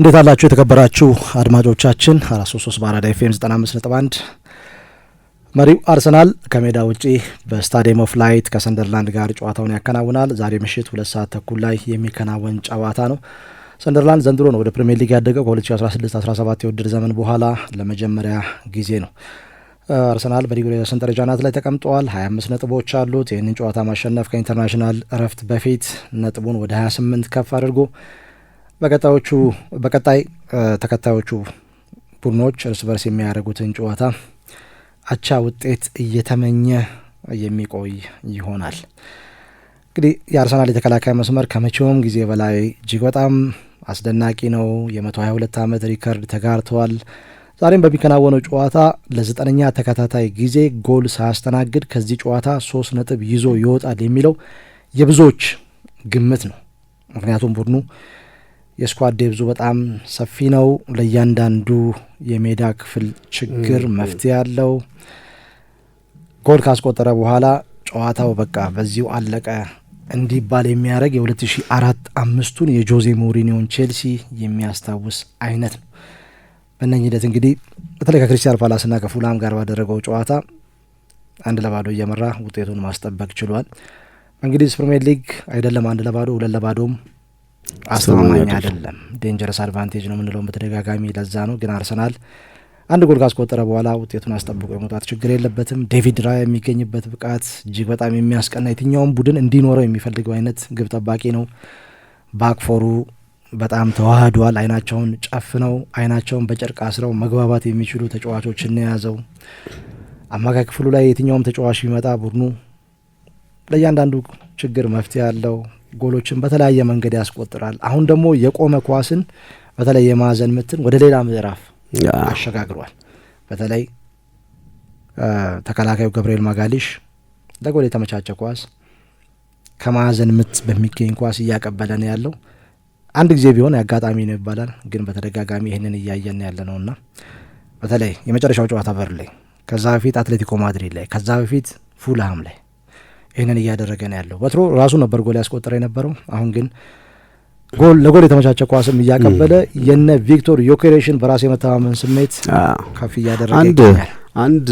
እንዴት አላችሁ የተከበራችሁ አድማጮቻችን? አራት ሶስት ሶስት በአራዳ ኤፍኤም ዘጠና አምስት ነጥብ አንድ መሪው አርሰናል ከሜዳ ውጪ በስታዲየም ኦፍ ላይት ከሰንደርላንድ ጋር ጨዋታውን ያከናውናል። ዛሬ ምሽት ሁለት ሰዓት ተኩል ላይ የሚከናወን ጨዋታ ነው። ሰንደርላንድ ዘንድሮ ነው ወደ ፕሪምየር ሊግ ያደገው ከ2016/17 የውድድር ዘመን በኋላ ለመጀመሪያ ጊዜ ነው። አርሰናል በሪጉሌሽን ደረጃ አናት ላይ ተቀምጠዋል። 25 ነጥቦች አሉት። ይህንን ጨዋታ ማሸነፍ ከኢንተርናሽናል እረፍት በፊት ነጥቡን ወደ 28 ከፍ አድርጎ በቀጣዮቹ በቀጣይ ተከታዮቹ ቡድኖች እርስ በርስ የሚያደርጉትን ጨዋታ አቻ ውጤት እየተመኘ የሚቆይ ይሆናል። እንግዲህ የአርሰናል የተከላካይ መስመር ከመቼውም ጊዜ በላይ እጅግ በጣም አስደናቂ ነው። 2 ዓመት ሪከርድ ተጋርተዋል። ዛሬም በሚከናወነው ጨዋታ ለዘጠነኛ ተከታታይ ጊዜ ጎል ሳያስተናግድ ከዚህ ጨዋታ ሶስት ነጥብ ይዞ ይወጣል የሚለው የብዙዎች ግምት ነው። ምክንያቱም ቡድኑ የስኳድ ዴብዙ በጣም ሰፊ ነው። ለእያንዳንዱ የሜዳ ክፍል ችግር መፍትሄ ያለው ጎል ካስቆጠረ በኋላ ጨዋታው በቃ በዚሁ አለቀ እንዲባል የሚያደርግ የ2004 አምስቱን የጆዜ ሞሪኒዮን ቼልሲ የሚያስታውስ አይነት ነው። በእነኝ ሂደት እንግዲህ በተለይ ከክሪስታል ፓላስና ከፉላም ጋር ባደረገው ጨዋታ አንድ ለባዶ እየመራ ውጤቱን ማስጠበቅ ችሏል። እንግዲህ ፕሪሚየር ሊግ አይደለም አንድ ለባዶ ሁለት ለባዶም አስተማማኝ አይደለም። ዴንጀረስ አድቫንቴጅ ነው የምንለውን በተደጋጋሚ ለዛ ነው። ግን አርሰናል አንድ ጎል ካስቆጠረ በኋላ ውጤቱን አስጠብቆ የመውጣት ችግር የለበትም። ዴቪድ ራያ የሚገኝበት ብቃት እጅግ በጣም የሚያስቀና የትኛውም ቡድን እንዲኖረው የሚፈልገው አይነት ግብ ጠባቂ ነው። ባክፎሩ በጣም ተዋህዷል። አይናቸውን ጨፍነው አይናቸውን በጨርቅ አስረው መግባባት የሚችሉ ተጫዋቾችን የያዘው አማካይ ክፍሉ ላይ የትኛውም ተጫዋች ቢመጣ ቡድኑ ለእያንዳንዱ ችግር መፍትሄ አለው። ጎሎችን በተለያየ መንገድ ያስቆጥራል። አሁን ደግሞ የቆመ ኳስን በተለይ የማዕዘን ምትን ወደ ሌላ ምዕራፍ አሸጋግሯል። በተለይ ተከላካዩ ገብርኤል ማጋሊሽ ለጎል የተመቻቸ ኳስ ከማዕዘን ምት በሚገኝ ኳስ እያቀበለ ነው ያለው። አንድ ጊዜ ቢሆን አጋጣሚ ነው ይባላል፣ ግን በተደጋጋሚ ይህንን እያየን ያለ ነውና በተለይ የመጨረሻው ጨዋታ በር ላይ፣ ከዛ በፊት አትሌቲኮ ማድሪድ ላይ፣ ከዛ በፊት ፉልሃም ላይ ይህንን እያደረገ ነው ያለው። በትሮ ራሱ ነበር ጎል ያስቆጠረ የነበረው። አሁን ግን ጎል ለጎል የተመቻቸ ኳስም እያቀበለ የነ ቪክቶር ዮኬሬሽን በራስ የመተማመን ስሜት ከፍ እያደረገ አንድ አንድ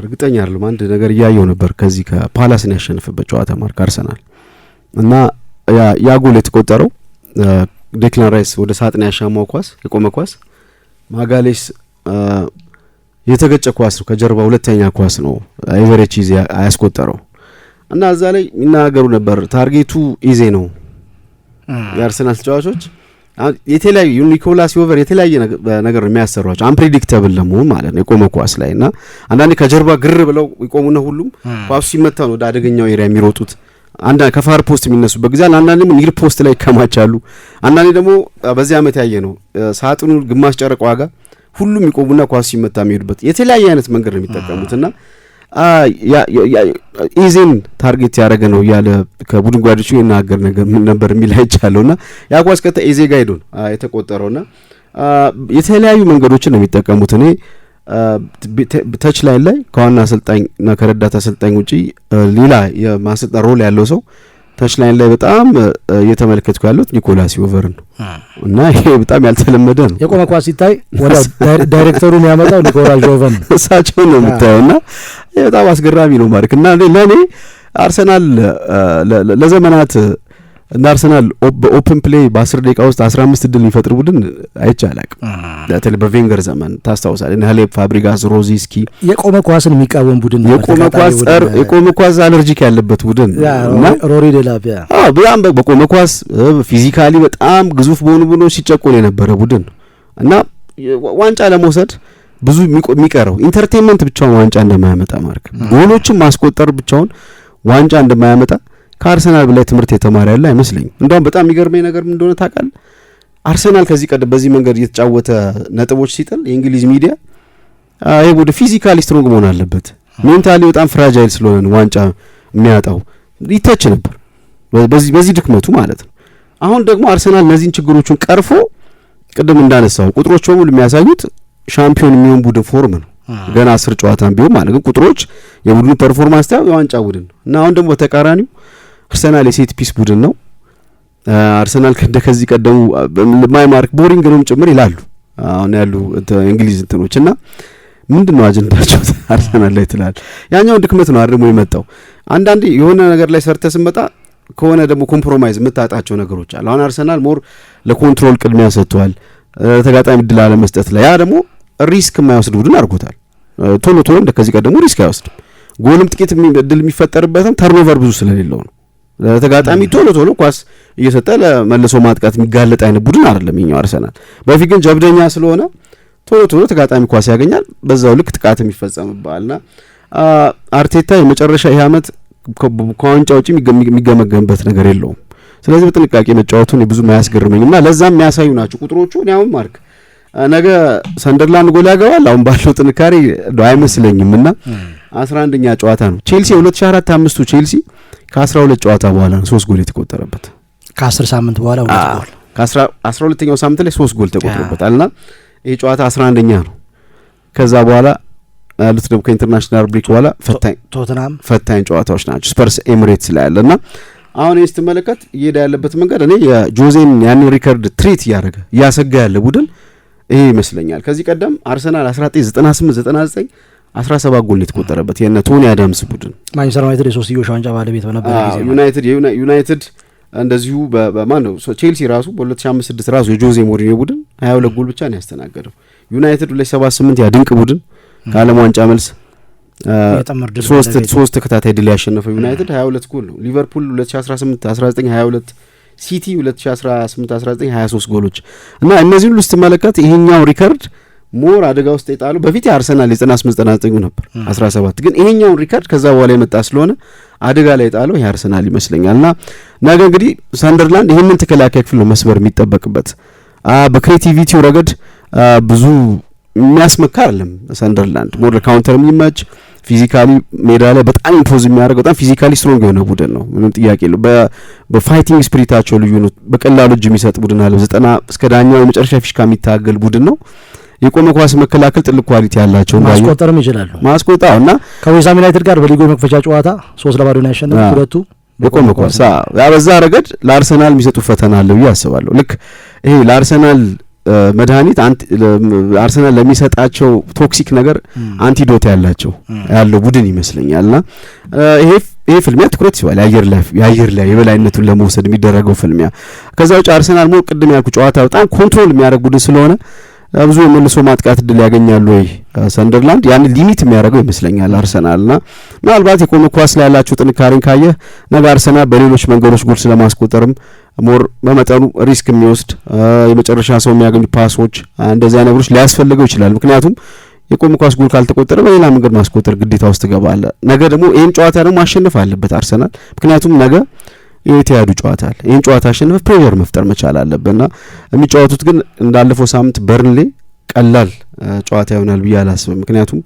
እርግጠኛ አይደለም አንድ ነገር እያየው ነበር ከዚህ ከፓላስን ያሸንፍበት ጨዋታ ማርክ አርሰናል እና ያ ጎል የተቆጠረው ዴክላን ራይስ ወደ ሳጥን ያሻማው ኳስ የቆመ ኳስ ማጋሌስ የተገጨ ኳስ ነው። ከጀርባ ሁለተኛ ኳስ ነው ኤቨሬቺ አያስቆጠረው እና እዛ ላይ የሚናገሩ ነበር። ታርጌቱ ኢዜ ነው። የአርሰናል ተጫዋቾች የተለያዩ ኒኮላስ ዮቨር የተለያየ ነገር ነው የሚያሰሯቸው፣ አንፕሬዲክተብል ለመሆን ማለት ነው። የቆመ ኳስ ላይ እና አንዳንዴ ከጀርባ ግር ብለው ይቆሙና ሁሉም ኳሱ ሲመታ ነው ወደ አደገኛው ኤሪያ የሚሮጡት። አንዳንድ ከፋር ፖስት የሚነሱበት ጊዜ አንዳንዴ ኒር ፖስት ላይ ይከማቻሉ። አንዳንዴ ደግሞ በዚህ ዓመት ያየ ነው ሳጥኑ ግማሽ ጨረቅ ዋጋ ሁሉም ይቆሙና ኳሱ ሲመታ የሚሄዱበት የተለያየ አይነት መንገድ ነው የሚጠቀሙት እና ኢዜን ታርጌት ያደረገ ነው እያለ ከቡድን ጓዶቹ ይናገር ነበር የሚል አይቻለሁ። ና የአኳስ ከተ ኢዜ ጋር ሄዶ የተቆጠረው ና የተለያዩ መንገዶችን ነው የሚጠቀሙት። እኔ ተች ላይ ላይ ከዋና አሰልጣኝ ና ከረዳት አሰልጣኝ ውጪ ሌላ የማሰልጣን ሮል ያለው ሰው ታች ላይን ላይ በጣም እየተመለከትኩ ያሉት ኒኮላስ ዮቨር ነው እና ይሄ በጣም ያልተለመደ ነው። የቆመ ኳስ ሲታይ ዳይሬክተሩ የሚያመጣው ኒኮላስ ዮቨር ነው፣ እሳቸው ነው የምታየው እና በጣም አስገራሚ ነው ማድረግ እና ለእኔ አርሰናል ለዘመናት እና አርሰናል በኦፕን ፕሌይ በአስር ደቂቃ ውስጥ አስራ አምስት እድል የሚፈጥር ቡድን አይቼ አላቅም። በተለይ በቬንገር ዘመን ታስታውሳለህ፣ እነ ፋብሪጋስ፣ ሮዚስኪ የቆመ ኳስን የሚቃወም ቡድን፣ የቆመ ኳስ የቆመ ኳስ አለርጂክ ያለበት ቡድን እና ሮሪ ደላፒያ በጣም በቆመ ኳስ ፊዚካሊ በጣም ግዙፍ በሆኑ ቡድኖች ሲጨቆን የነበረ ቡድን እና ዋንጫ ለመውሰድ ብዙ የሚቀረው ኢንተርቴንመንት ብቻውን ዋንጫ እንደማያመጣ ማርክ ጎሎችን ማስቆጠር ብቻውን ዋንጫ እንደማያመጣ ከአርሰናል በላይ ትምህርት የተማረ ያለ አይመስለኝም። እንደውም በጣም የሚገርመኝ ነገር ምን እንደሆነ አርሰናል ከዚህ ቀደም በዚህ መንገድ እየተጫወተ ነጥቦች ሲጥል የእንግሊዝ ሚዲያ ይህ ወደ ፊዚካሊ ስትሮንግ መሆን አለበት፣ ሜንታሊ በጣም ፍራጃይል ስለሆነ ዋንጫ የሚያጣው ይተች ነበር፣ በዚህ ድክመቱ ማለት ነው። አሁን ደግሞ አርሰናል እነዚህን ችግሮቹን ቀርፎ ቅድም እንዳነሳው ቁጥሮች በሙሉ የሚያሳዩት ሻምፒዮን የሚሆን ቡድን ፎርም ነው። ገና አስር ጨዋታም ቢሆን ማለት ግን ቁጥሮች የቡድኑ ፐርፎርማንስ ታየው የዋንጫ ቡድን ነው እና አሁን ደግሞ በተቃራኒው አርሰናል የሴት ፒስ ቡድን ነው። አርሰናል ከደ ከዚህ ቀደሙ ማይማርክ ቦሪንግ ነው ጭምር ይላሉ አሁን ያሉ እንግሊዝ እንትኖች እና ምንድን ነው አጀንዳቸው አርሰናል ላይ ትላል። ያኛው ድክመት ነው አድሞ የመጣው። አንዳንዴ የሆነ ነገር ላይ ሰርተ ስመጣ ከሆነ ደግሞ ኮምፕሮማይዝ የምታጣቸው ነገሮች አሉ። አሁን አርሰናል ሞር ለኮንትሮል ቅድሚያ ሰጥቷል፣ ተጋጣሚ ድል አለመስጠት ላይ ያ ደግሞ ሪስክ የማይወስድ ቡድን አድርጎታል። ቶሎ ቶሎ እንደ ከዚህ ቀደሙ ሪስክ አይወስድም። ጎልም ጥቂት ድል የሚፈጠርበትም ተርኖቨር ብዙ ስለሌለው ነው። ለተጋጣሚ ቶሎ ቶሎ ኳስ እየሰጠ ለመልሶ ማጥቃት የሚጋለጥ አይነት ቡድን አይደለም የኛው አርሰናል። በፊት ግን ጀብደኛ ስለሆነ ቶሎ ቶሎ ተጋጣሚ ኳስ ያገኛል፣ በዛው ልክ ጥቃትም ና አርቴታ የመጨረሻ ይህ አመት ከዋንጫ ውጭ የሚገመገምበት ነገር የለውም። ስለዚህ በጥንቃቄ መጫወቱን ብዙ አያስገርመኝም እና ለዛም የሚያሳዩ ናቸው ቁጥሮቹ። እኔ ማርክ ነገ ሰንደርላንድ ጎል ያገባል አሁን ባለው ጥንካሬ አይመስለኝም እና አስራ አንደኛ ጨዋታ ነው ቼልሲ የሁለት ሺህ አራት አምስቱ ቼልሲ ከአስራ ሁለት ጨዋታ በኋላ ነው ሶስት ጎል የተቆጠረበት። ከአስር ሳምንት በኋላ ሁለት አስራ ሁለተኛው ሳምንት ላይ ሶስት ጎል ተቆጥሮበታል እና ይህ ጨዋታ አስራ አንደኛ ነው። ከዛ በኋላ ያሉት ደግሞ ከኢንተርናሽናል ብሪክ በኋላ ፈታኝ ፈታኝ ጨዋታዎች ናቸው። ስፐርስ ኤምሬትስ ላይ ያለ እና አሁን ይህ ስትመለከት እየሄደ ያለበት መንገድ እኔ የጆዜን ያንን ሪከርድ ትሪት እያደረገ እያሰጋ ያለ ቡድን ይሄ ይመስለኛል። ከዚህ ቀደም አርሰናል አስራ ዘጠና ስምንት ዘጠና ዘጠኝ አስራ ሰባት ጎል የተቆጠረበት የነ ቶኒ አዳምስ ቡድን ማንቸስተር ዩናይትድ የሶስትዮሽ ዋንጫ ባለቤት በነበረ ጊዜ ዩናይትድ ዩናይትድ እንደዚሁ በማን ነው ቼልሲ ራሱ በ2005/6 ራሱ የጆዜ ሞሪኒዮ ቡድን ሁለት ጎል ብቻ ነው ያስተናገደው። ዩናይትድ ያ ያድንቅ ቡድን ከአለም ዋንጫ መልስ ሶስት ተከታታይ ድል ያሸነፈው ዩናይትድ 22 ጎል ነው። ሊቨርፑል 2018/19 ሲቲ 2018/19 23 ጎሎች እና እነዚህን ሁሉ ስትመለከት ይሄኛው ሪከርድ ሞር አደጋ ውስጥ የጣሉ በፊት የአርሰናል የዘጠና ስምንት ዘጠና ዘጠኙ ነበር አስራ ሰባት ግን ይሄኛውን ሪካርድ ከዛ በኋላ የመጣ ስለሆነ አደጋ ላይ የጣለው የአርሰናል ይመስለኛል ና ነገ እንግዲህ ሰንደርላንድ ይህንን ተከላካይ ክፍል ነው መስበር የሚጠበቅበት። በክሬቲቪቲው ረገድ ብዙ የሚያስመካ አይደለም ሰንደርላንድ ሞር ለካውንተር የሚመች ፊዚካሊ ሜዳ ላይ በጣም ኢምፖዝ የሚያደርግ በጣም ፊዚካሊ ስትሮንግ የሆነ ቡድን ነው። ምንም ጥያቄ የለው። በፋይቲንግ ስፒሪታቸው ልዩ ነው። በቀላሉ እጅ የሚሰጥ ቡድን አለ። ዘጠና እስከ ዳኛው የመጨረሻ ፊሽካ የሚታገል ቡድን ነው። የቆመ ኳስ መከላከል ጥልቅ ኳሊቲ ያላቸው ማስቆጠርም ይችላሉ። ማስቆጣው እና ከዌዛም ዩናይትድ ጋር በሊጎ መክፈቻ ጨዋታ ሶስት ለባዶ ነው ሁለቱ የቆመ ኳስ። በዛ ረገድ ለአርሰናል የሚሰጡ ፈተና አለ ብዬ አስባለሁ። ልክ ይሄ ለአርሰናል መድኃኒት አርሰናል ለሚሰጣቸው ቶክሲክ ነገር አንቲዶት ያላቸው ያለው ቡድን ይመስለኛልና ይሄ ይሄ ፍልሚያ ትኩረት ይስባል። የአየር ላይ የበላይነቱን ለመውሰድ የሚደረገው ፍልሚያ ከዛ ውጭ አርሰናል ሞ ቅድም ያልኩ ጨዋታ በጣም ኮንትሮል የሚያደርግ ቡድን ስለሆነ ብዙ የመልሶ ማጥቃት እድል ያገኛሉ ወይ ሰንደርላንድ? ያን ሊሚት የሚያደርገው ይመስለኛል አርሰናልና ምናልባት የቆመ ኳስ ላይ ያላቸው ጥንካሬን ካየ ነገ አርሰናል በሌሎች መንገዶች ጎል ስለማስቆጠርም ሞር በመጠኑ ሪስክ የሚወስድ የመጨረሻ ሰው የሚያገኙ ፓሶች፣ እንደዚያ ነገሮች ሊያስፈልገው ይችላል። ምክንያቱም የቆመ ኳስ ጎል ካልተቆጠረ በሌላ መንገድ ማስቆጠር ግዴታ ውስጥ ትገባለህ። ነገ ደግሞ ይህን ጨዋታ ደግሞ ማሸነፍ አለበት አርሰናል ምክንያቱም ነገ የተያዱ ጨዋታ አለ። ይህን ጨዋታ አሸንፈ ፕሬር መፍጠር መቻል አለብና የሚጫወቱት ግን እንዳለፈው ሳምንት በርንሌ ቀላል ጨዋታ ይሆናል ብዬ አላስብም። ምክንያቱም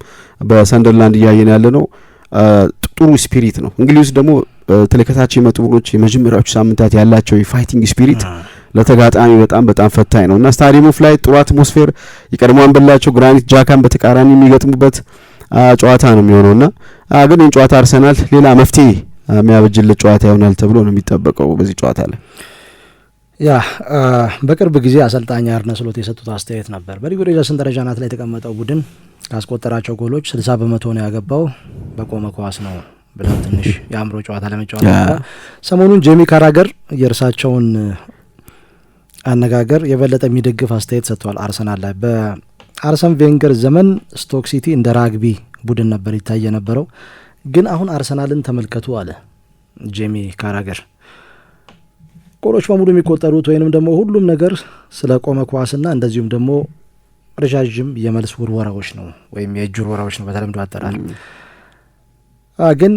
በሰንደርላንድ እያየን ያለ ነው ጥሩ ስፒሪት ነው። እንግሊዝ ደግሞ ተለከታች የመጡ ቡድኖች የመጀመሪያዎቹ ሳምንታት ያላቸው የፋይቲንግ ስፒሪት ለተጋጣሚ በጣም በጣም ፈታኝ ነው እና ስታዲየሙ ላይ ጥሩ አትሞስፌር የቀድሞ አንበላቸው ግራኒት ጃካን በተቃራኒ የሚገጥሙበት ጨዋታ ነው የሚሆነው እና ግን ይህን ጨዋታ አርሰናል ሌላ መፍትሄ የሚያበጅለት ጨዋታ ይሆናል ተብሎ ነው የሚጠበቀው በዚህ ጨዋታ ላይ። ያ በቅርብ ጊዜ አሰልጣኝ አርነ ስሎት የሰጡት አስተያየት ነበር። በሊጉ ደረጃ ደረጃ ናት ላይ የተቀመጠው ቡድን ካስቆጠራቸው ጎሎች ስልሳ በመቶ ነው ያገባው በቆመ ኳስ ነው ብለው ትንሽ የአእምሮ ጨዋታ ለመጫወት ሰሞኑን ጄሚ ካራገር የእርሳቸውን አነጋገር የበለጠ የሚደግፍ አስተያየት ሰጥቷል አርሰናል ላይ በአርሰን ቬንገር ዘመን ስቶክ ሲቲ እንደ ራግቢ ቡድን ነበር ይታይ የነበረው ግን አሁን አርሰናልን ተመልከቱ አለ ጄሚ ካራገር። ጎሎች በሙሉ የሚቆጠሩት ወይንም ደግሞ ሁሉም ነገር ስለ ቆመ ኳስና እንደዚሁም ደግሞ ረዣዥም የመልስ ውርወራዎች ነው ወይም የእጅ ውርወራዎች ነው በተለምዶ አጠራል ግን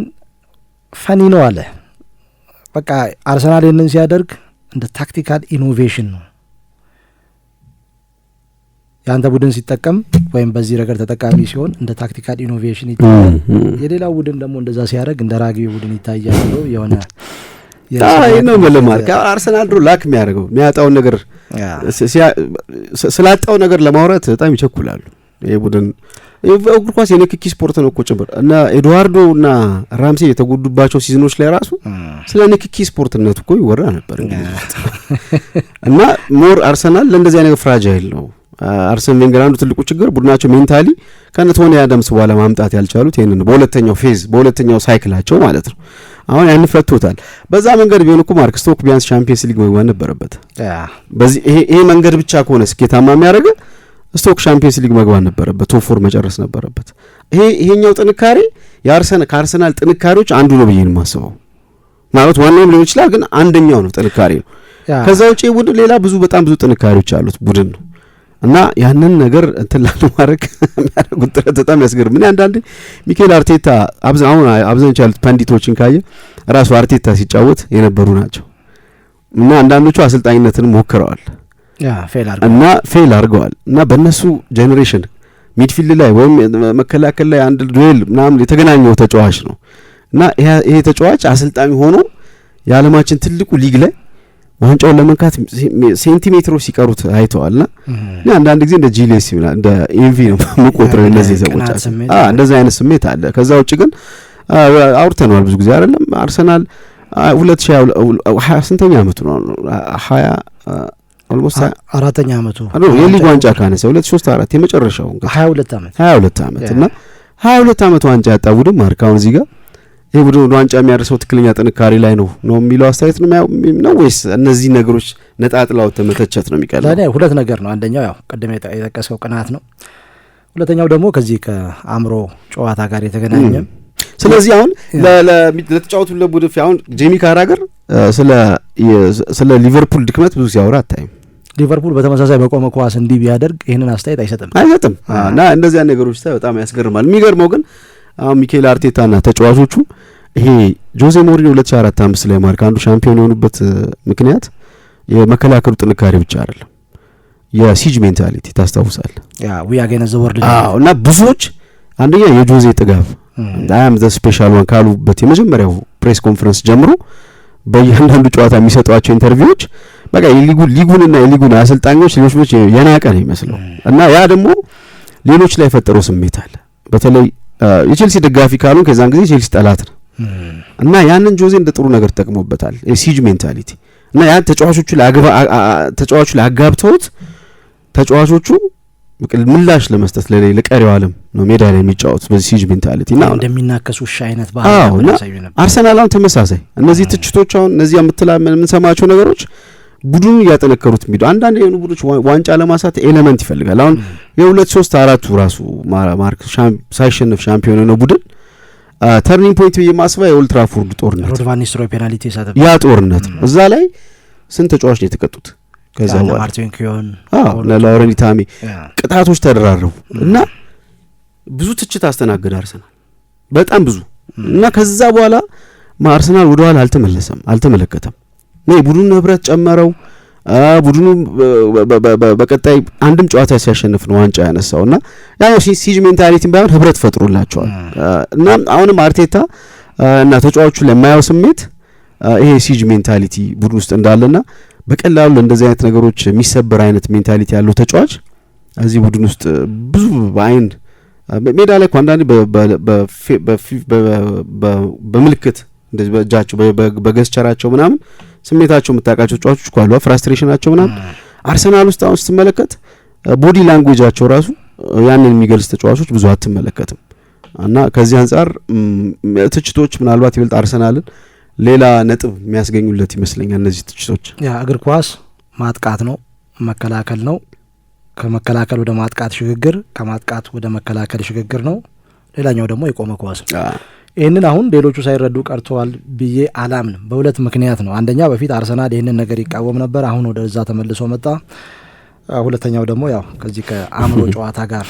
ፈኒ ነው አለ። በቃ አርሰናል ይህንን ሲያደርግ እንደ ታክቲካል ኢኖቬሽን ነው የአንተ ቡድን ሲጠቀም ወይም በዚህ ረገድ ተጠቃሚ ሲሆን እንደ ታክቲካል ኢኖቬሽን ይታያል። የሌላው ቡድን ደግሞ እንደዛ ሲያደርግ እንደ ራጊ ቡድን ይታያል ብሎ የሆነ ነው መለማር አርሰናል ድሮ ላክ የሚያደርገው የሚያጣውን ነገር ስላጣው ነገር ለማውራት በጣም ይቸኩላሉ። ይህ ቡድን እግር ኳስ የንክኪ ስፖርት ነው እኮ ጭምር እና ኤድዋርዶ እና ራምሴ የተጎዱባቸው ሲዝኖች ላይ ራሱ ስለ ንክኪ ስፖርትነት እኮ ይወራ ነበር እንግዲህ እና ሞር አርሰናል ለእንደዚህ አይነት ፍራጃይል ነው አርሰን ቬንገር አንዱ ትልቁ ችግር ቡድናቸው ሜንታሊ ከነ ቶኒ አዳምስ በኋላ ማምጣት ያልቻሉት ይህንን በሁለተኛው ፌዝ በሁለተኛው ሳይክላቸው ማለት ነው። አሁን ያን ፈቶታል። በዛ መንገድ ቢሆን እኮ ማርክ ስቶክ ቢያንስ ሻምፒየንስ ሊግ መግባት ነበረበት። በዚህ ይሄ መንገድ ብቻ ከሆነ ስኬታማ የሚያደርገ ስቶክ ሻምፒየንስ ሊግ መግባት ነበረበት፣ ቶፕ ፎር መጨረስ ነበረበት። ይሄ ይሄኛው ጥንካሬ ከአርሰናል ጥንካሬዎች አንዱ ነው ብዬ የማስበው። ማለት ዋናውም ሊሆን ይችላል፣ ግን አንደኛው ነው ጥንካሬ ነው። ከዛ ውጭ ቡድን ሌላ ብዙ በጣም ብዙ ጥንካሬዎች አሉት ቡድን ነው እና ያንን ነገር እንትን ላለማድረግ የሚያደርጉት ጥረት በጣም ያስገርም። እኔ አንዳንዴ ሚካኤል አርቴታ አሁን አብዛኞቹ ያሉት ፐንዲቶችን ካየ ራሱ አርቴታ ሲጫወት የነበሩ ናቸው እና አንዳንዶቹ አሰልጣኝነትን ሞክረዋል እና ፌል አድርገዋል እና በእነሱ ጄኔሬሽን ሚድፊልድ ላይ ወይም መከላከል ላይ አንድ ዱዌል ምናምን የተገናኘው ተጫዋች ነው እና ይሄ ተጫዋች አሰልጣኝ ሆኖ የዓለማችን ትልቁ ሊግ ላይ ዋንጫውን ለመንካት ሴንቲሜትሮች ሲቀሩት አይተዋልና አንዳንድ ጊዜ እንደ ጂሌስ ይሆናል እንደ ኤንቪ ነው መቆጥረ እነዚህ ሰዎች እንደዚህ አይነት ስሜት አለ። ከዛ ውጭ ግን አውርተነዋል ብዙ ጊዜ አይደለም አርሰናል ሁለት ሺ ሀያ ስንተኛ አመቱ ነው ሀያ ኦልሞስት አራተኛ አመቱ የሊግ ዋንጫ ካነሰ ሁለት ሶስት አራት የመጨረሻው ሀያ ሁለት አመት ሀያ ሁለት አመት እና ሀያ ሁለት አመት ዋንጫ ያጣ ቡድን ማርካውን እዚህ ጋር ይህ ቡድን ዋንጫ የሚያደርሰው ትክክለኛ ጥንካሬ ላይ ነው ነው የሚለው አስተያየት ነው ነው ወይስ እነዚህ ነገሮች ነጣጥላው ተመተቸት ነው የሚቀለው? ለእኔ ሁለት ነገር ነው። አንደኛው ያው ቅድም የጠቀሰው ቅናት ነው። ሁለተኛው ደግሞ ከዚህ ከአእምሮ ጨዋታ ጋር የተገናኘ ስለዚህ አሁን ለተጫወቱ ለቡድፍ አሁን ጄሚ ካራገር ስለ ሊቨርፑል ድክመት ብዙ ሲያወራ አታይም። ሊቨርፑል በተመሳሳይ በቆመ ኳስ እንዲህ ቢያደርግ ይህንን አስተያየት አይሰጥም አይሰጥም እና እንደዚያ ነገሮች በጣም ያስገርማል። የሚገርመው ግን አሁን ሚካኤል አርቴታና ተጫዋቾቹ ይሄ ጆዜ ሞሪኒዮ 2004 5 ላይ ማርክ አንዱ ሻምፒዮን የሆኑበት ምክንያት የመከላከሉ ጥንካሬ ብቻ አይደለም፣ የሲጅ ሜንታሊቲ ታስታውሳል። አዎ እና ብዙዎች አንደኛ የጆዜ ጥጋብ አያም ዘ ስፔሻል ዋን ካሉበት የመጀመሪያው ፕሬስ ኮንፈረንስ ጀምሮ በእያንዳንዱ ጨዋታ የሚሰጧቸው ኢንተርቪዎች በቃ የሊጉን ሊጉንና የሊጉን አሰልጣኞች ሌሎች የናቀ ነው ይመስለው እና ያ ደግሞ ሌሎች ላይ የፈጠረው ስሜት አለ በተለይ የቼልሲ ደጋፊ ካሉ ከዛን ጊዜ ቼልሲ ጠላት ነው እና ያንን ጆዜ እንደ ጥሩ ነገር ተጠቅሞበታል። ሲጅ ሜንታሊቲ እና ያ ተጫዋቾቹ ተጫዋቹ ላይ አጋብተውት ተጫዋቾቹ ምላሽ ለመስጠት ለቀሪው ዓለም ነው ሜዳ ላይ የሚጫወቱት በዚህ ሲጅ ሜንታሊቲ እና እንደሚናከሱ ውሻ አይነት ባህል አርሰናል አሁን ተመሳሳይ እነዚህ ትችቶች አሁን እነዚህ የምትላ የምንሰማቸው ነገሮች ቡድኑ እያጠነከሩት የሚሄዱ አንዳንድ የሆኑ ቡድኖች ዋንጫ ለማሳት ኤለመንት ይፈልጋል። አሁን የሁለት ሶስት አራቱ ራሱ ማርክ ሳይሸነፍ ሻምፒዮን ነው ቡድን ተርኒንግ ፖይንት ብዬ ማስባ የኦልትራፎርድ ጦርነት ያ ጦርነት እዛ ላይ ስንት ተጫዋች ነው የተቀጡት? ከዛ ለላውረኒ ታሜ ቅጣቶች ተደራረቡ እና ብዙ ትችት አስተናገደ አርሰናል በጣም ብዙ እና ከዛ በኋላ አርሰናል ወደኋላ አልተመለሰም አልተመለከተም። ቡድኑ ህብረት ጨመረው። ቡድኑ በቀጣይ አንድም ጨዋታ ሲያሸንፍ ነው ዋንጫ ያነሳው እና ያው ሲጅ ሜንታሊቲን ባይሆን ህብረት ፈጥሮላቸዋል እና አሁንም አርቴታ እና ተጫዋቹ ለማያው ስሜት ይሄ ሲጅ ሜንታሊቲ ቡድን ውስጥ እንዳለና በቀላሉ እንደዚህ አይነት ነገሮች የሚሰበር አይነት ሜንታሊቲ ያለው ተጫዋች እዚህ ቡድን ውስጥ ብዙ በአይን ሜዳ ላይ እኮ አንዳንዴ በምልክት እንደዚህ በእጃቸው በገዝቸራቸው ምናምን ስሜታቸው የምታውቃቸው ተጫዋቾች እኮ አሉ። ፍራስትሬሽናቸው ምናምን አርሰናል ውስጥ አሁን ስትመለከት ቦዲ ላንጉጃቸው ራሱ ያንን የሚገልጽ ተጫዋቾች ብዙ አትመለከትም። እና ከዚህ አንጻር ትችቶች ምናልባት ይበልጥ አርሰናልን ሌላ ነጥብ የሚያስገኙለት ይመስለኛል። እነዚህ ትችቶች ያ እግር ኳስ ማጥቃት ነው፣ መከላከል ነው፣ ከመከላከል ወደ ማጥቃት ሽግግር፣ ከማጥቃት ወደ መከላከል ሽግግር ነው። ሌላኛው ደግሞ የቆመ ኳስ ነው። ይህንን አሁን ሌሎቹ ሳይረዱ ቀርተዋል ብዬ አላምንም። በሁለት ምክንያት ነው። አንደኛ በፊት አርሰናል ይህንን ነገር ይቃወም ነበር፣ አሁን ወደዛ ተመልሶ መጣ። ሁለተኛው ደግሞ ያው ከዚህ ከአእምሮ ጨዋታ ጋር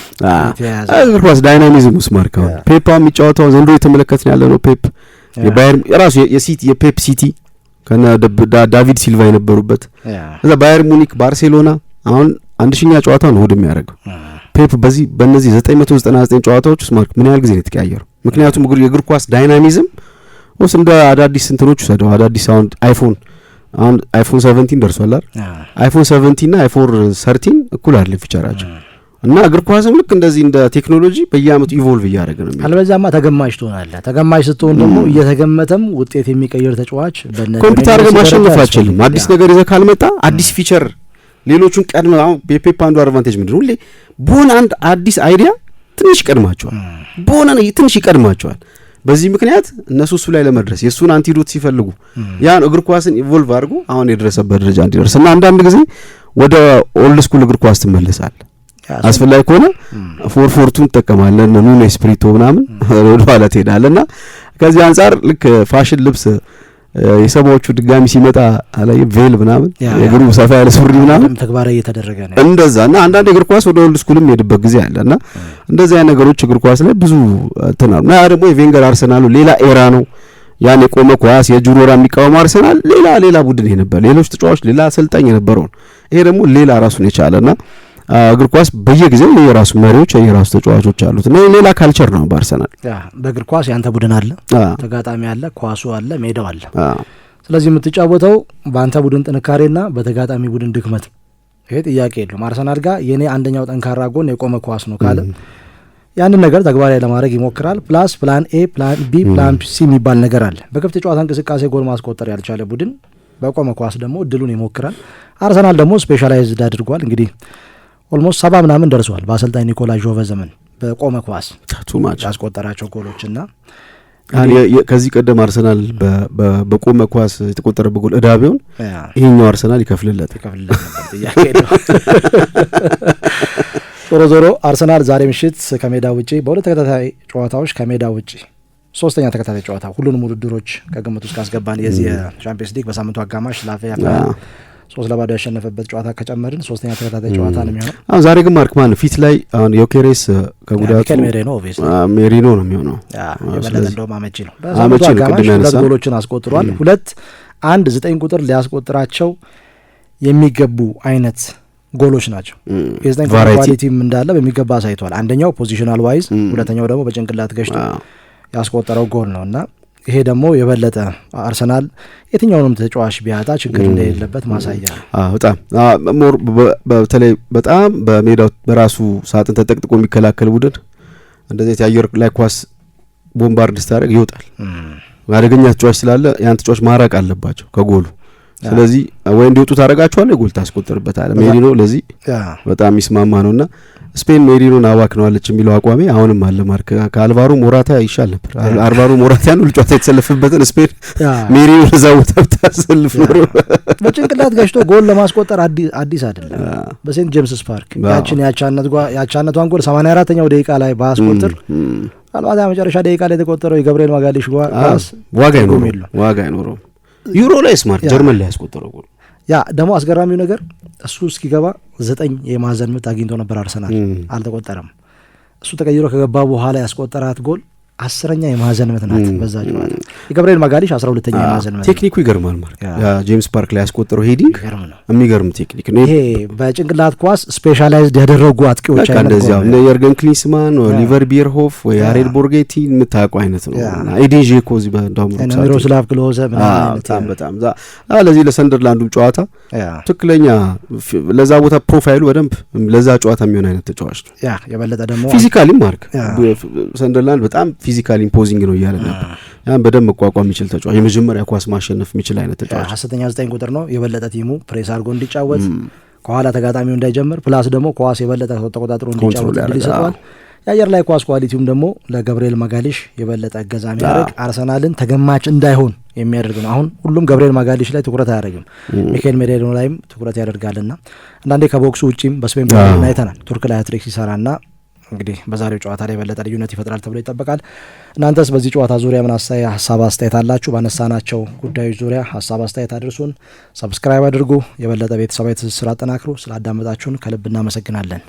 የተያያዘ እግር ኳስ ዳይናሚዝም ውስጥ ማርከዋል። ፔፓ የሚጫወተው ዘንድሮ የተመለከት ነው ያለ ነው። ፔፕ የባየር የራሱ የሲቲ የፔፕ ሲቲ ከነ ዳቪድ ሲልቫ የነበሩበት እዛ ባየር ሙኒክ፣ ባርሴሎና አሁን አንድ ሺኛ ጨዋታ ነው እሑድ የሚያደርገው ፔፕ በዚህ በእነዚህ 999 ጨዋታዎች ውስጥ ማርክ ምን ያህል ጊዜ ነው የተቀያየሩ? ምክንያቱም እግር የእግር ኳስ ዳይናሚዝም ውስጥ እንደ አዳዲስ እንትኖች ውሰደው አዳዲስ አሁን አይፎን አሁን አይፎን 17 ደርሷል አይደል? አይፎን 17 ና አይፎን 13 እኩል አይደለም ፊቸራቸው እና እግር ኳስም ልክ እንደዚህ እንደ ቴክኖሎጂ በየአመቱ ኢቮልቭ እያደረገ ነው። አልበዛማ ተገማሽ ትሆናለህ። ተገማሽ ስትሆን ደግሞ እየተገመተም ውጤት የሚቀይር ተጫዋች ኮምፒውተር ማሸነፍ አይችልም። አዲስ ነገር ይዘህ ካልመጣ አዲስ ፊቸር ሌሎቹን ቀድመ አሁን የፔፕ አንዱ አድቫንቴጅ ምንድን ሁሌ በሆነ አንድ አዲስ አይዲያ ትንሽ ይቀድማቸዋል፣ በሆነ ትንሽ ይቀድማቸዋል። በዚህ ምክንያት እነሱ እሱ ላይ ለመድረስ የእሱን አንቲዶት ሲፈልጉ ያን እግር ኳስን ኢቮልቭ አድርጎ አሁን የደረሰበት ደረጃ እንዲደርስ እና አንዳንድ ጊዜ ወደ ኦልድ ስኩል እግር ኳስ ትመለሳል። አስፈላጊ ከሆነ ፎር ፎርቱን ትጠቀማለን ኑኖ ስፕሪቶ ምናምን ወደኋላ እና ከዚህ አንጻር ልክ ፋሽን ልብስ የሰማዎቹ ድጋሚ ሲመጣ አላየ ቬል ምናምን የግሩ ሰፋ ያለ ሱሪ ምናምን ተግባራዊ እየተደረገ ነው። እንደዛ እና አንዳንድ እግር ኳስ ወደ ኦልድ ስኩልም ሄድበት ጊዜ አለ እና እንደዚህ ነገሮች እግር ኳስ ላይ ብዙ ትናሉ እና ያ ደግሞ የቬንገር አርሰናሉ ሌላ ኤራ ነው። ያን የቆመ ኳስ የጁሮራ የሚቃወመው አርሰናል ሌላ ሌላ ቡድን ነበር፣ ሌሎች ተጫዋች ሌላ አሰልጣኝ የነበረውን ይሄ ደግሞ ሌላ ራሱን የቻለና እግር ኳስ በየጊዜው የራሱ መሪዎች የየራሱ ተጫዋቾች አሉት እና ሌላ ካልቸር ነው በአርሰናል። በእግር ኳስ ያንተ ቡድን አለ፣ ተጋጣሚ አለ፣ ኳሱ አለ፣ ሜዳው አለ። ስለዚህ የምትጫወተው በአንተ ቡድን ጥንካሬና በተጋጣሚ ቡድን ድክመት፣ ይሄ ጥያቄ የለውም። አርሰናል ጋር የኔ አንደኛው ጠንካራ ጎን የቆመ ኳስ ነው ካለ ያንን ነገር ተግባራዊ ለማድረግ ይሞክራል። ፕላስ ፕላን ኤ፣ ፕላን ቢ፣ ፕላን ሲ የሚባል ነገር አለ። በክፍት ጨዋታ እንቅስቃሴ ጎል ማስቆጠር ያልቻለ ቡድን በቆመ ኳስ ደግሞ እድሉን ይሞክራል። አርሰናል ደግሞ ስፔሻላይዝድ አድርጓል እንግዲህ ኦልሞስት ሰባ ምናምን ደርሷል በአሰልጣኝ ኒኮላ ጆቨ ዘመን በቆመ ኳስ ያስቆጠራቸው ጎሎች ና ከዚህ ቀደም አርሰናል በቆመ ኳስ የተቆጠረ በጎል እዳ ቢሆን ይሄኛው አርሰናል ይከፍልለት ዞሮ ዞሮ አርሰናል ዛሬ ምሽት ከሜዳ ውጪ በሁለት ተከታታይ ጨዋታዎች ከሜዳ ውጪ ሶስተኛ ተከታታይ ጨዋታ ሁሉንም ውድድሮች ከግምት ውስጥ ካስገባን የዚህ የሻምፒዮንስ ሊግ በሳምንቱ አጋማሽ ላፌ ሶስት ለባዶ ያሸነፈበት ጨዋታ ከጨመርን ሶስተኛ ተከታታይ ጨዋታ ነው የሚሆነው። ዛሬ ግን ማርክ ማን ፊት ላይ አሁን ዮኬሬስ ከጉዳቱ ሜሪኖ ነው የሚሆነው። የበለጠ እንደውም አመቺ ነው። በሰቱ አጋማሽ ሁለት ጎሎችን አስቆጥሯል። ሁለት አንድ ዘጠኝ ቁጥር ሊያስቆጥራቸው የሚገቡ አይነት ጎሎች ናቸው። የዘጠኝ ቁጥር ኳሊቲም እንዳለ በሚገባ አሳይቷል። አንደኛው ፖዚሽናል ዋይዝ፣ ሁለተኛው ደግሞ በጭንቅላት ገሽቶ ያስቆጠረው ጎል ነው እና ይሄ ደግሞ የበለጠ አርሰናል የትኛውንም ተጫዋች ቢያጣ ችግር እንደሌለበት ማሳያ በጣም ሞር በተለይ በጣም በሜዳው በራሱ ሳጥን ተጠቅጥቆ የሚከላከል ቡድን እንደዚህ የአየር ላይ ኳስ ቦምባርድ ስታደርግ ይወጣል። አደገኛ ተጫዋች ስላለ ያን ተጫዋች ማራቅ አለባቸው ከጎሉ። ስለዚህ ወይ እንዲወጡ ታደርጋቸዋለህ፣ ጎል ታስቆጥርበታለህ። ሜሪኖ ለዚህ በጣም የሚስማማ ነውና ስፔን ሜሪኖን አባክነዋለች የሚለው አቋሜ አሁንም አለ። ማርክ ከአልቫሮ ሞራታ ይሻል ነበር። አልቫሮ ሞራታን ሁል ጨዋታ የተሰለፈበትን ስፔን ሜሪኖን እዛ ቦታ ብታሰልፍ ኖሮ በጭንቅላት ገጭቶ ጎል ለማስቆጠር አዲስ አይደለም። በሴንት ጄምስስ ፓርክ ያችን ያቻነቷን ጎል 84ኛው ደቂቃ ላይ በአስቆጥር ምናልባት መጨረሻ ደቂቃ ላይ የተቆጠረው የገብርኤል ማጋሊሽ ዋጋ አይኖረውም። ዋጋ አይኖረውም። ዩሮ ላይ ስማርት ጀርመን ላይ ያስቆጠረው ጎል ያ ደግሞ አስገራሚው ነገር እሱ እስኪገባ ዘጠኝ የማዕዘን ምት አግኝቶ ነበር አርሰናል አልተቆጠረም። እሱ ተቀይሮ ከገባ በኋላ ያስቆጠራት ጎል አስረኛ የማዘን ምት ናት በዛ ጨዋታ። የገብርኤል ማጋሊሽ አስራ ሁለተኛ የማዘን ምት ቴክኒኩ ይገርማል። ማለት ጄምስ ፓርክ ላይ ያስቆጠረው ሄዲንግ የሚገርም ቴክኒክ ነው። ይሄ በጭንቅላት ኳስ ስፔሻላይዝድ ያደረጉ አጥቂዎች እንደዚያ የርገን ክሊንስማን፣ ሊቨር ቢርሆፍ ወይ አሬል ቦርጌቲ የምታውቀው አይነት ነው። ኤዴን ዤኮ እዚህ በዳሚሮስላቭ ክሎዘ በጣም በጣም ለዚህ ለሰንደርላንዱም ጨዋታ ትክክለኛ ለዛ ቦታ ፕሮፋይሉ በደንብ ለዛ ጨዋታ የሚሆን አይነት ተጫዋች ነው። የበለጠ ደግሞ ፊዚካሊም ማርክ ሰንደርላንድ በጣም ፊዚካል ኢምፖዚንግ ነው እያለ ነበር። ያን በደንብ መቋቋም የሚችል ተጫዋች፣ የመጀመሪያ ኳስ ማሸነፍ የሚችል አይነት ተጫዋች፣ ሀሰተኛ ዘጠኝ ቁጥር ነው። የበለጠ ቲሙ ፕሬስ አድርጎ እንዲጫወት ከኋላ ተጋጣሚው እንዳይጀምር ፕላስ ደግሞ ኳስ የበለጠ ተቆጣጥሮ እንዲጫወት እድል ይሰጠዋል። የአየር ላይ ኳስ ኳሊቲውም ደግሞ ለገብርኤል ማጋሊሽ የበለጠ እገዛ የሚያደርግ አርሰናልን ተገማች እንዳይሆን የሚያደርግ ነው። አሁን ሁሉም ገብርኤል ማጋሊሽ ላይ ትኩረት አያደርግም፣ ሚካኤል ሜሬኖ ላይም ትኩረት ያደርጋልና አንዳንዴ ከቦክሱ ውጭም በስፔን አይተናል። ቱርክ ላይ ሀትሪክ ሲሰራና እንግዲህ በዛሬው ጨዋታ ላይ የበለጠ ልዩነት ይፈጥራል ተብሎ ይጠበቃል። እናንተስ በዚህ ጨዋታ ዙሪያ ምን አስተያየ ሀሳብ አስተያየት አላችሁ? ባነሳናቸው ጉዳዮች ዙሪያ ሀሳብ አስተያየት አድርሱን። ሰብስክራይብ አድርጉ። የበለጠ ቤተሰባዊ ትስስር አጠናክሩ። ስላዳመጣችሁን ከልብ እናመሰግናለን።